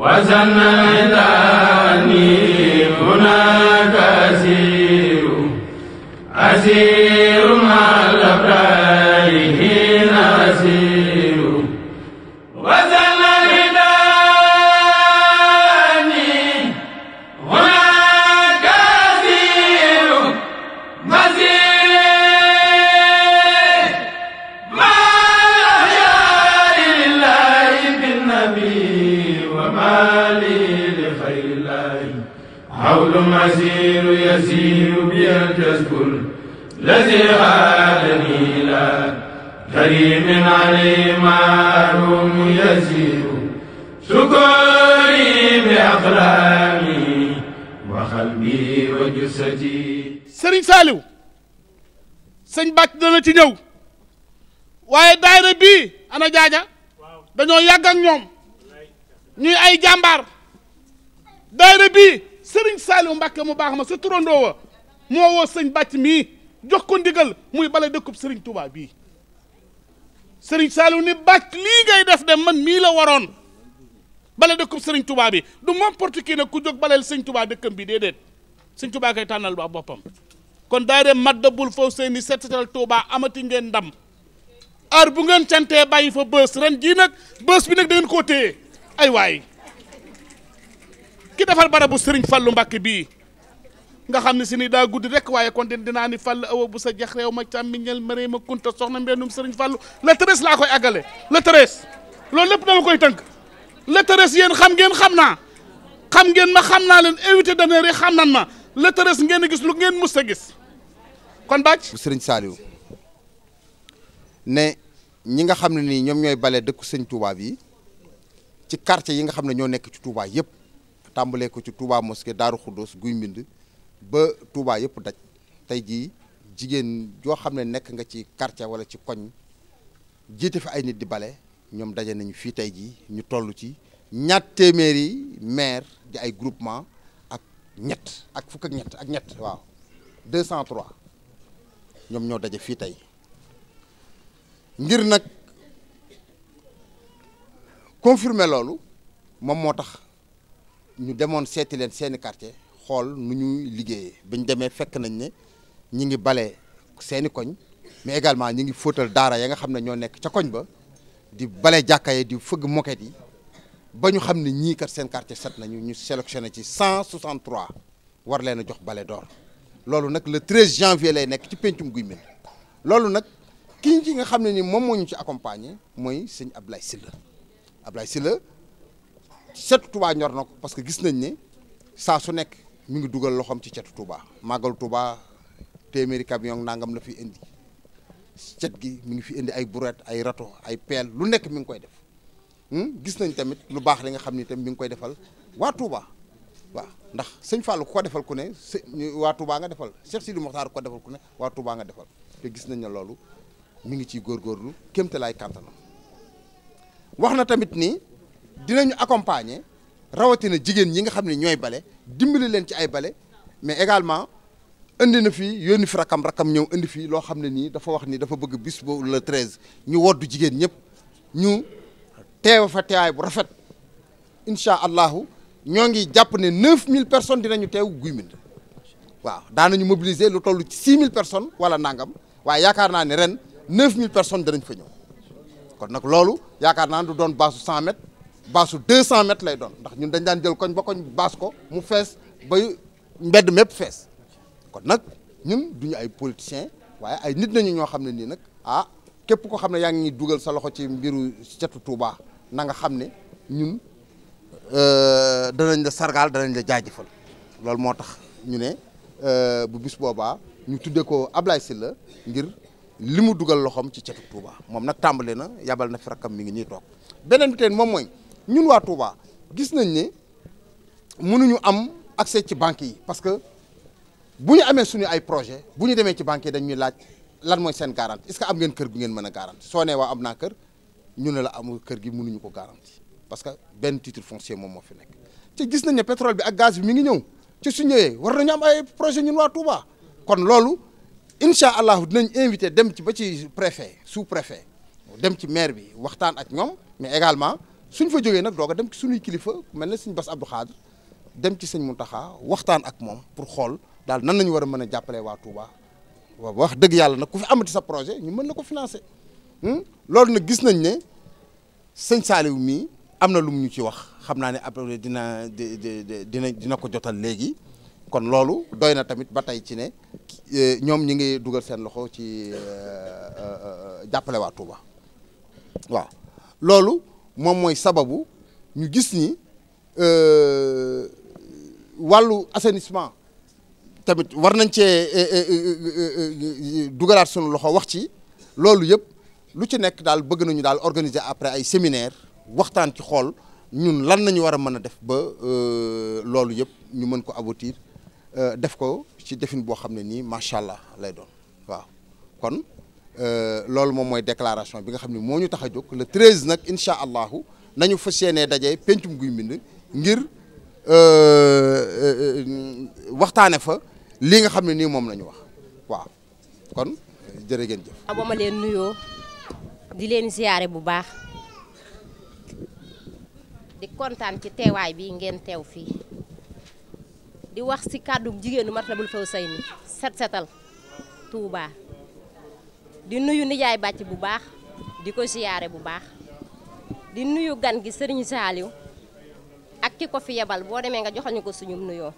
Wasana ازدهاد نيلا كريم عليه معلوم يزيد شكري بأقلامي وقلبي وجسدي Serigne Saliou sëñ Bàcc dana ci ñëw waaye daayira bii ana jaaja dañoo yàgg ñoom ñuy ay jàmbaar daayira bii Serigne Saliou Mbacke mu baax ma sa turandoo wa sëñ Bàcc mii jox ko ndigal muy bala dëkkub Serigne Touba bii Serigne Saliou ni bàcc lii ngay def dem man mii la waroon bale dëkkub Serigne tubaab bi du n'importe qui nag ku jóg baleel Serigne Touba dëkkam bi déedéet Serigne Touba kay tànnal ba boppam kon daay dem Matlaboul Fawzayni set setal Touba amati ngeen ndam heure bu ngeen cantee bàyyi fa bës ren jii nag bës bi nag da ngeen koo téye ay waay ki defar barabu Serigne Fallou Mbacké bii. nga xam ne si ni daa gudd rek waaye kon dinaa ni fàll awa bu sa jax réew ma càmmiñal maree ma a soxna mbennum sëriñ fàllu la tërës laa koy àggale la tërës loolu lépp dama koy tënk la tërës yéen xam ngeen xam naa xam ngeen ma xam naa leen invité d'honneur yi xam nan ma la ngeen gis lu ngeen mus sa gis kon bàcc bu sëriñ Saliou ne ñi nga xam ne nii ñoom ñooy bale dëkku sëñ Touba yi ci quartier yi nga xam ne ñoo nekk ci Touba yëpp tàmbalee ko ci Touba mosquée Daaru Xuddoos guy mbind ba Touba yëpp daj tey jii jigéen joo xam ne nekk nga ci quartier wala ci koñ jiite fi ay nit di bale ñoom daje nañu fii tey jii ñu toll ci ñaat téeméeri maire di ay groupement ak ñett ak fukk ak ñett ak ñett waaw 203 ñoom ñoo daje fii tey ngir nag confirmer loolu moom moo tax ñu demoon seeti leen seeni quartier xool nu ñuy liggéeyee bi ñu demee fekk nañ ne ñu ngi bale seeni koñ mais également ñu ngi fóotal daara ya nga xam ne ñoo nekk ca koñ ba di bale jàkka yi di fëgg moquette yi ba ñu xam ne ñii kat seen quartier set nañu ñu sélectionné ci 163 war leen a jox bale door loolu nag le 13 janvier lay nekk ci pencum Guy Mbind loolu nag ki ci nga xam ne ni moom moo ñu ci accompagner mooy sëñ Ablaye Sylla Ablaye Sylla setu Touba ñor na ko parce que gis nañ ne saa su nekk mi ngi dugal loxoom ci cetu Touba màggal Touba téeméeri camion nangam la fi indi cet gi mu ngi fi indi ay brouette ay râteau ay pelle lu nekk mu ngi koy def hmm? gis nañ tamit lu baax li nga xam ni tam mi ngi koy defal waa Touba waaw ndax sëñ Fallou ku ko defal ku ne waa Touba nga defal Cheikh Sidi ko defal ku ne waa Touba nga defal te gis nañ ne loolu mi ngi ciy góorgóorlu kéemtalaay kàttanam wax na tamit ni dinañu accompagner rawatina jigéen ñi nga xam ne ñooy bale. dimbali leen ci ay bale mais également indi na fii yónni fi rakam rakam ñëw indi fii loo xam ne nii dafa wax nii dafa bëgg bis boobu le treize ñu woddu jigéen ñëpp ñu teew fa teewaay bu rafet incha allahu ñoo ngi jàpp ne neuf mille personnes dinañu teew Guy Mbind waaw daanañu mobiliser lu toll ci six mille personnes wala nangam waaye yaakaar naa ne ren neuf mille personnes danañ fa ñëw kon nag loolu yaakaar naa ni doon baasu cent mètres baasu cent mètres lay doon ndax ñun dañ daan jël koñ ba koñ baas ko mu fees ba mbedd mépp fees kon nag ñun duñu ay politiciens waaye ay nit nañu ñoo xam ne nii nag ah képp ko xam ne yaa ngi dugal sa loxo ci mbiru setu Touba na nga xam ne ñun euh, danañ la sargaal danañ la jaajëfal loolu moo tax ñu ne euh, bu bis boobaa ñu tuddee ko Ablaye la ngir li mu dugal loxoom ci cetu Touba moom nag tàmbali na yabal na fi rakkam mi ngi ñuy toog beneen bi teen moom mooy ñun waa Touba gis nañ ne mënuñu am accès ci banques yi parce que bu ñu amee suñu ay projet bu ñu demee ci banque yi dañuy laaj lan mooy seen garantie est-ce que am ngeen kër gu ngeen mën a garantie soo nee waa am naa kër ñu ne la amul kër gi mënuñu ko garantie parce que benn titre foncier moom moo fi nekk gis nañ ne pétrole bi ak gaz bi mi ngi ñëw ci su war nañu am ay projet ñun waa Touba kon loolu incha allah dinañ invité dem ci ba ci préfet sous préfé dem ci maire bi waxtaan ak ñoom mais également suñ fa jógee nag doog a dem ci suñuy kilifa mel na suñ Bass Abdou Khadre dem ci sëñ mu Mountakha waxtaan ak moom pour xool daal nan nañu war a mën a jàppalee waa Touba waaw wax dëgg yàlla nag ku fi amati sa projet ñu mën na ko financer hmm? loolu nag gis nañ ne sëñ Saliou mii am na lu ñu ci wax xam naa ne après dina dina dina ko jotal léegi kon loolu doy na tamit ba tey ci ne eh, ñoom ñi ngi dugal seen loxo ci eh, eh, jàppale waa Touba loolu moom mooy sababu ñu gis ni euh, wàllu assainissement tamit war nañ cee euh, euh, dugalaat suñu loxo wax ci loolu yëpp lu ci nekk daal bëgg nañu daal organiser après ay séminaire waxtaan ci xool ñun lan nañu war a mën a def ba loolu yëpp ñu mën ko aboutir def ko ci defin boo xam ne nii macha allah lay doon waaw kon Euh, loolu moom mooy déclaration bi nga xam ne moo ñu tax a jóg le 13 nag incha allahu nañu fa yéenee daje pencum guy mbind ngir euh, euh, waxtaane fa lii nga xam ne nii moom la wax waaw kon jërë ngeen jëf. ba ma leen nuyoo di leen ziyaare bu baax di kontaan ci teewaay bi ngeen teew fii di wax si kàddu jigéenu Matlabul Fawzayni set setal Touba. di nuyu nijaay bàcc bu baax di ko siyaare bu baax di nuyu gan gi sëriñ Saaliw ak ki ko fiyebal boo demee nga joxal ñu ko suñu nuyoo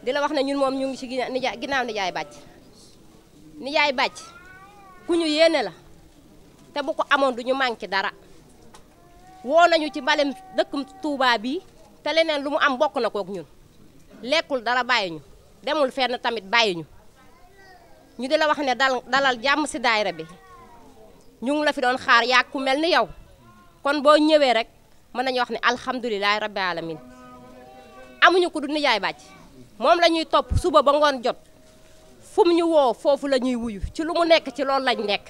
di la wax ne ñun moom ñu ngi ci nijaay ginnaaw nijaay bàcc nijaay bàcc ku ñu yéene la te bu ko amoon duñu manqué dara woo nañu ci mbalem dëkkum Touba bii te leneen lu mu am bokk na kook ñun lekkul dara bàyyi ñu demul fenn tamit bàyyi ñu di la wax ne dal dalal jàmm si daayira bi ñu ngi la fi doon xaar yaa ku mel ni yow kon boo ñëwee rek mën nañu wax ni alhamdulilahi rabbi alamin amuñu ko du nijaay bàcc moom la ñuy topp suba ba ngoon jot fu mu ñu woo foofu la ñuy wuyu ci lu mu nekk ci loolu lañ nekk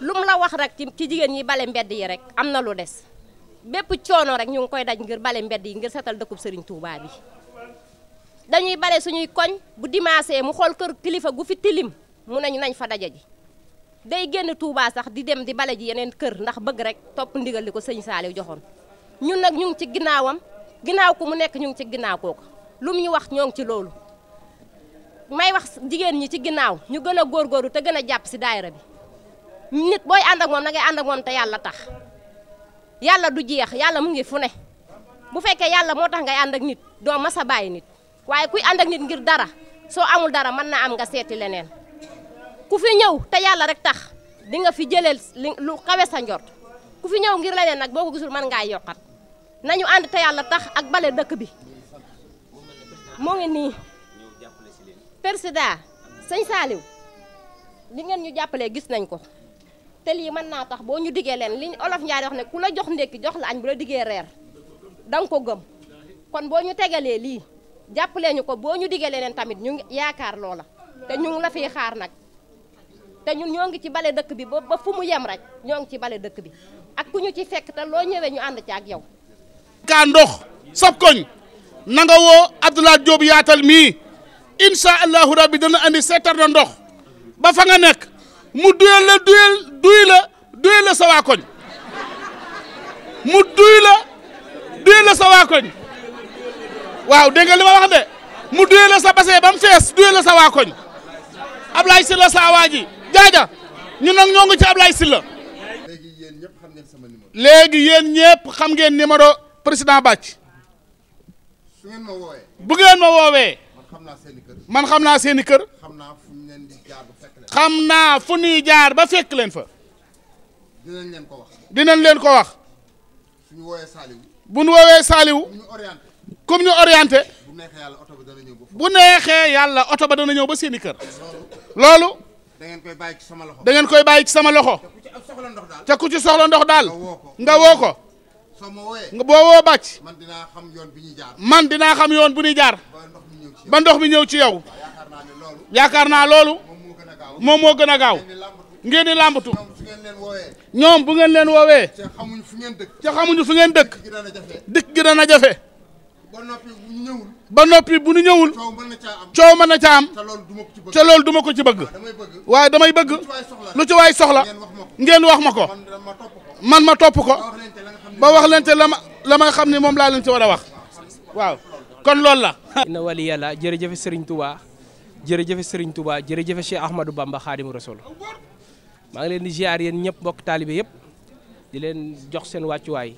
lu mu la wax rek ci jigéen ñi bale mbedd yi rek am na lu des bépp coono rek ñu ngi koy daj ngir bale mbedd yi ngir setal dëkkub sëriñ Touba bi dañuy bare suñuy koñ bu dimaasee mu xool kër kilifa gu fi tilim mu nañu nañ fa daje ji day génn Touba sax di dem di bale ji yeneen kër ndax bëgg rek topp ndigal li ko sëñ Saaliw joxoon ñun nag ñu ngi ci ginnaawam ginnaaw ku mu nekk ñu ngi ci ginnaaw kooku lu mu ñu wax ñoo ngi ci loolu may wax jigéen ñi ci ginnaaw ñu gën a góor góorgóorlu te gën a jàpp si daayira bi nit booy ànd ak moom na ngay ànd moom te yàlla tax yàlla du jeex yàlla mu ngi fu ne bu fekkee yàlla moo tax ngay ànd ak doo mas a bàyyi nit waaye kuy ànd ak nit ngir dara soo amul dara mën na am nga seeti leneen ku fi ñëw te yàlla rek tax di nga fi jëleel lu xawe sa njort ku fi ñëw ngir leneen nag boo ko gisul mën ngaa yokkat nañu ànd te yàlla tax ak bale dëkk bi moo ngi nii président sëñ Saaliw li ngeen ñu jàppalee gis nañ ko te lii mën naa tax boo ñu diggee leen li olof Njaay wax ne ku la jox ndékki jox la añ bu la diggee reer danga ko gëm kon boo ñu tegalee lii jàppale ñu ko boo ñu digee leen tamit ñu ngi yaakaar loola te ñu ngi xaar nag te ñun ñoo ngi ci bale dëkk bi ba ba fu mu yem rek ñoo ngi ci bale dëkk bi ak ku ñu ci fekk te loo ñëwee ñu ànd ci ak yow. kaa ndox sab koñ na nga woo Abdoulaye Diop yaatal mii incha allahu rabbi dana andi seetar na ndox ba fa nga nekk mu duyal la duyal duy la duyal la sa waa koñ mu duy la duyal waaw dégg nga li ma wax de mu duyee la sa basee ba mu fees duyee la sa waa koñ Ablaye Sylla sa waa ji jaaja ñun nag ñoo ngi ci Ablaye Sylla léegi yéen ñëpp xam ngeen numéro président Bathie su ngeen ma woowee bu ngeen ma woowee man xam naa seeni kër xam naa fu ñuy jaar ba fekk leen fa dinañ leen ko wax dinañ leen ko wax bu ñu woowee Saliou bu ñu woowee Saliou comme ñu orienté bu neexee yàlla oto ba dana ñëw ba. bu neexee yàlla oto ba dana ñëw ba seen i kër. loolu. da ngeen koy bàyyi sama loxo. da ngeen koy bàyyi ci sama loxo. te ku ci soxla ndox daal. te ku soxla ndox daal. nga woo ko. soo ma wooyee. boo woo bàcc. man dinaa xam yoon bu ñuy jaar. man dinaa xam yoon bu ñuy jaar. ba ndox mi ñëw ci yow. yaakaar naa loolu. moom moo gën a gaaw. ngeen di làmbatu. ñoom bu ngeen leen woowee. ca xamuñu fu ngeen dëkk. ca xamuñu fu ngeen dëkk. dëkk gi dana jafe. ba bu ñu ñëwul. ba noppi bu ñu ñëwul. coow mën na caa am coow mën duma ko ci bëgg. waaye damay bëgg. lu ci waay soxla ngeen wax ma ko. man ma topp ko. ba wax leen te la ma la ma xam ne moom laa leen ci war a wax waaw kon loolu la. inna wali sëriñ jërëjëf Serigne Touba sëriñ Serigne Touba jërëjëf Cheikh Ahmadou Bamba Khadim Rasoul maa ngi leen di ziar yéen ñëpp mbokk taalibe yëpp di leen jox seen wàccuwaay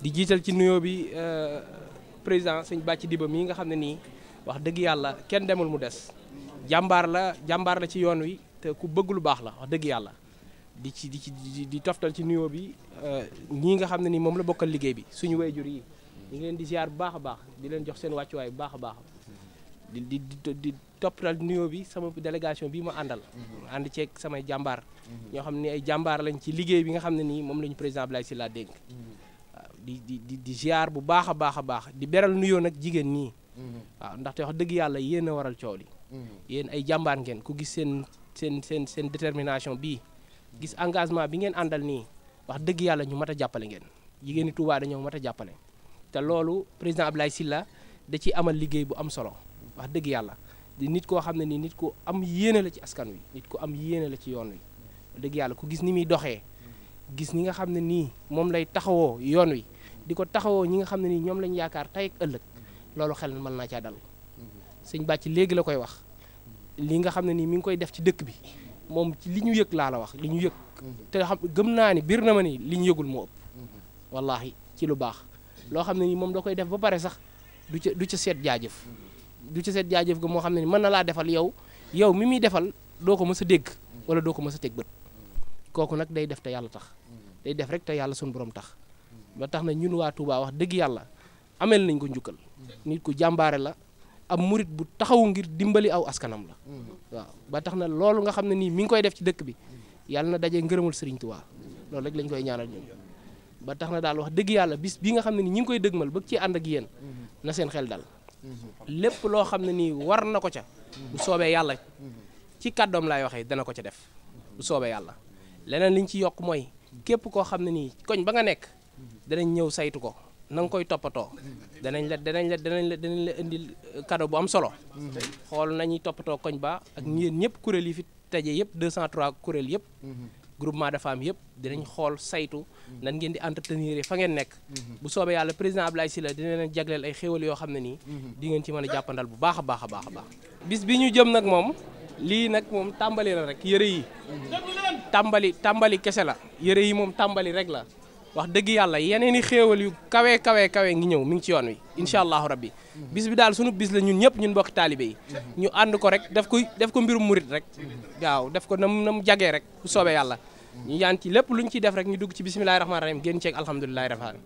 di jiital ci nuyoo bi. Euh, président sëñ Bàcc Diba mii nga xam ne nii wax dëgg yàlla kenn demul mu des jàmbaar la jàmbaar la ci yoon wi te ku bëgg lu baax la wax dëgg yàlla di ci di ci di toftal ci nuyoo bi euh, ñii nga xam ne nii moom la bokkal liggéey bi suñu wayjur yi ñu ngi leen di ziar bu baax a baax di leen jox seen wàccuwaay bu baax a baax di di di toppatal nuyoo bi sama délégation bi ma àndal. ànd ceeg samay jàmbaar. Mm-hmm. ñoo xam ne ay jàmbaar lañ ci liggéey bi nga xam ne nii moom la ñu président Abdoulaye Sylla dénk. Mm-hmm. di di di di ziar bu baax a baax a baax di beral nuyoo nag jigéen ñi. Mhm. waaw ndaxte wax dëgg yàlla yéen a waral coow li. Mhm. yéen ay jàmbaar ngeen ku gis seen seen seen seen détermination bi gis mhm. engagement bi ngeen àndal nii wax dëgg yàlla ñu mat a jàppale ngeen jigéen ñi Touba dañoo mat a jàppale. te loolu président Ablaye Sylla da ciy amal liggéey bu am solo wax dëgg yàlla di nit koo xam ne nii nit ku am yéene la ci askan wi nit ko am yéene la ci yoon wi. dëgg yàlla ku gis ni muy doxee gis ñi nga xam ne nii moom lay taxawoo yoon wi di ko taxawoo ñi nga xam ne nii ñoom lañ yaakaar tey ak ëllëg loolu xel man naa caa dal sëñ bàcc léegi la koy wax li nga xam ne nii mi ngi koy def ci dëkk bi moom ci li ñu yëg laa la wax li ñu yëg te xam gëm naa ni biir na ma ni li ñu yëgul moo ëpp wallaahi ci lu baax loo xam ne nii moom da koy def ba pare sax du ca du ca seet jaajëf du ca seet jaajëf ga moo xam ne ni mën na laa defal yow yow mi muy defal doo ko mës a dégg wala doo ko mës a teg bët kooku nag day def te yàlla tax mm. day def rek te yàlla suñu borom tax ba tax na ñun waa Touba wax dëgg yàlla amel nañ ko njukkal mm. nit ku jàmbaare la am murit bu taxaw ngir dimbali aw askanam la mm. waaw ba tax na loolu nga xam ne nii mi ngi koy def ci dëkk bi yàlla na daje ngërëmal Serigne Touba loolu rek lañ koy ñaanal ba tax na daal wax dëgg yàlla bis bi nga xam ne ni ñi ngi koy dëgmal bëgg ci ànd ak yéen mm-hmm. na seen xel dal mm-hmm. lépp loo xam ne nii war na ko ca bu mm-hmm. soobee yàlla ci kàddoom lay waxee dana ko ca def bu soobee yàlla leneen li ñu ci yokk mooy képp koo xam ne nii koñ ba nga nekk danañ ñëw saytu ko na nga koy toppatoo danañ la danañ la danañ la danañ la indil euh, cadeau bu am solo xool nañuy toppatoo koñ ba ak yéen ñëpp kuréel yi fi taje yëpp 203 kuréel yëpp groupement de femmes yëpp danañ xool saytu nan ngeen di entretenir fa ngeen nekk bu soobee yàlla président Ablaye Sylla dina leen jagleel ay xéwal yoo xam ne nii di ci mën a jàppandal bu baax a baax a baax a baax bis bi ñu jëm nag moom lii nag moom tàmbali na rek yëre yi tàmbali tàmbali kese la yëre yi moom tàmbali rek la wax dëgg yàlla yeneen i xéewal yu kawe kawe kawe ngi ñëw mu ngi ci yoon wi incha allahu rabbi bis bi daal sunu bis la ñun ñëpp ñun bokk taalibe yi ñu ànd ko rek def ko def ko mbirum murit rek waaw def ko na na mu jagee rek bu soobee yàlla ñu yaan ci lépp lu ñu ciy def rek ñu dugg ci bisimilahi rahmaani rahim génn ceeg alhamdulilahi rabbil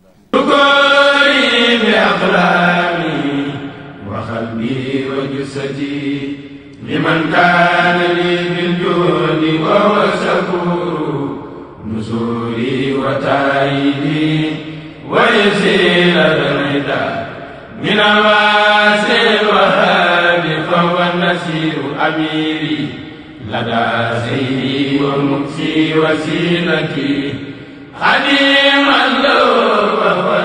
aalamiin liman kaana li bil juudi wa wasafu nusuuri wa taayidi wa yasiira dalida min alwaasir wa haabi fawa nasiru amiri ladaa seydi wa muksi wasiilati xadiman lo wa